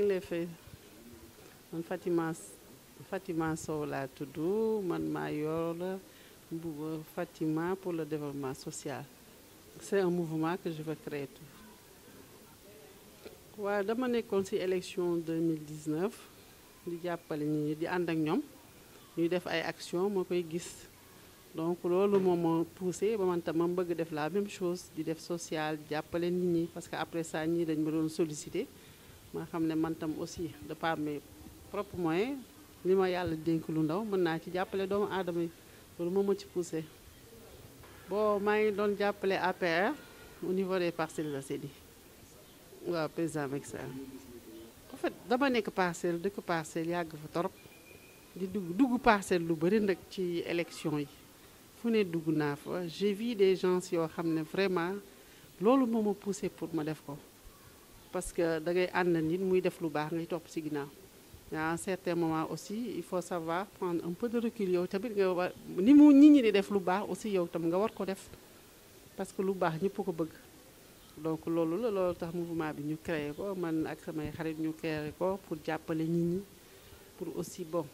ngi lay fay Fatima Fatima Sow laa tudd man maa yor bu Fatima pour le développement social c'est un mouvement que je veux créer tout waaw dama nekkoon ci élection 2019 di jàppale nit ñi di ànd ak ñoom ñuy def ay action ma koy gis donc loolu moom ma poussé ba man tam ma bëgg def la même chose di def social jàppale nit ñi parce que après ça ñii dañ ma doon solliciter je sais ne man aussi de par mes propres moyens li ma yàlla dénk lu ndaw mën ci ngi APR au niveau des Parcelles CEDI waaw président en fait dama nekk parcelle parcelle yàgg torop di parcelle lu ci élection yi fu j'ai vu des gens qui ont vraiment le poussé pour ma parce que da ngay ànd nit muy def lu bax ngay top ci ginaaw mais à un certain moment aussi il faut savoir prendre un peu de recul yow tamit nga ni mu nit ñi di def lu bax aussi yow tam nga war ko def parce que lu bax ñepp ko bëgg donc loolu la loolu tax mouvement bi ñu créé ko man ak samay xarit ñu créé ko pour jàppale nit ñi pour aussi bon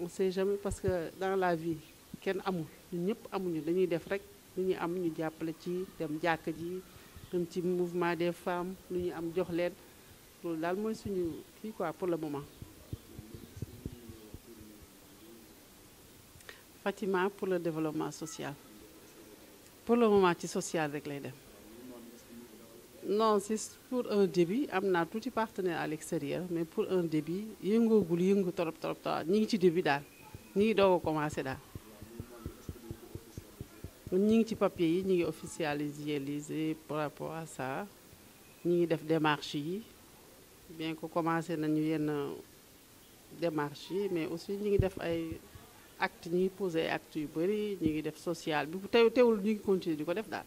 on sait jamais parce que dans la vie kenn amul ñun ñëpp amuñu dañuy def rek li ñu am ñu jàppale ci dem jàkk ji un petit mouvement des femmes nous avons am jox leen loolu daal suñu fi quoi pour le moment. Fatima pour le développement social pour le moment ci social rek lay dem. non c'est pour un début amna tous les partenaire à l'extérieur mais pour un début yëngoogul yëngu torop torop ta ñi ci début dal ñi ngi doog commencer nous avons des papiers, nous avons officialisé par rapport à ça. Nous avons fait des démarches Bien qu'on commence à faire des mais aussi nous avons fait des actes, nous avons des actes, nous avons fait des actes sociaux avons continué à faire des actes.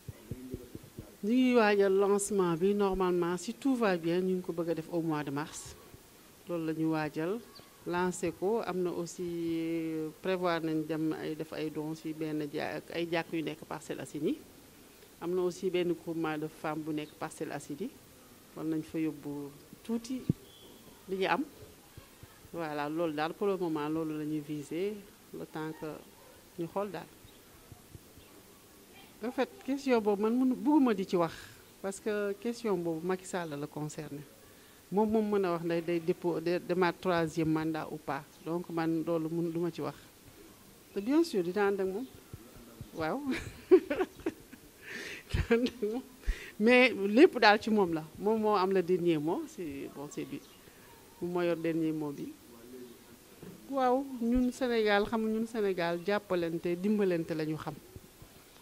ñu ngi waajal lancement bi normalement si tout va bien ñu ngi ko bëgg def au mois de mars loolu la waajal lancé ko amna aussi euh, prévoir nañ dem ay def ay dons si ben ja ay jàkk yu nekk Parcelles Assainies amna aussi ben groupement de femmes bu nekk Parcelles assidi war nañ fa yobbu touti li ñi am voilà loolu dal pour le moment loolu la viser le temps que ñu xol dal en fait question pas man mënu di ci parce que question Macky Sall la concerné Mom ne sais a wax je day troisième mandat ou pas donc man pas. ci wax bien sûr mais lepp dal ci la am dernier mot c'est bon c'est yor dernier mot bi waaw ñun Sénégal xam ñun Sénégal dimbalante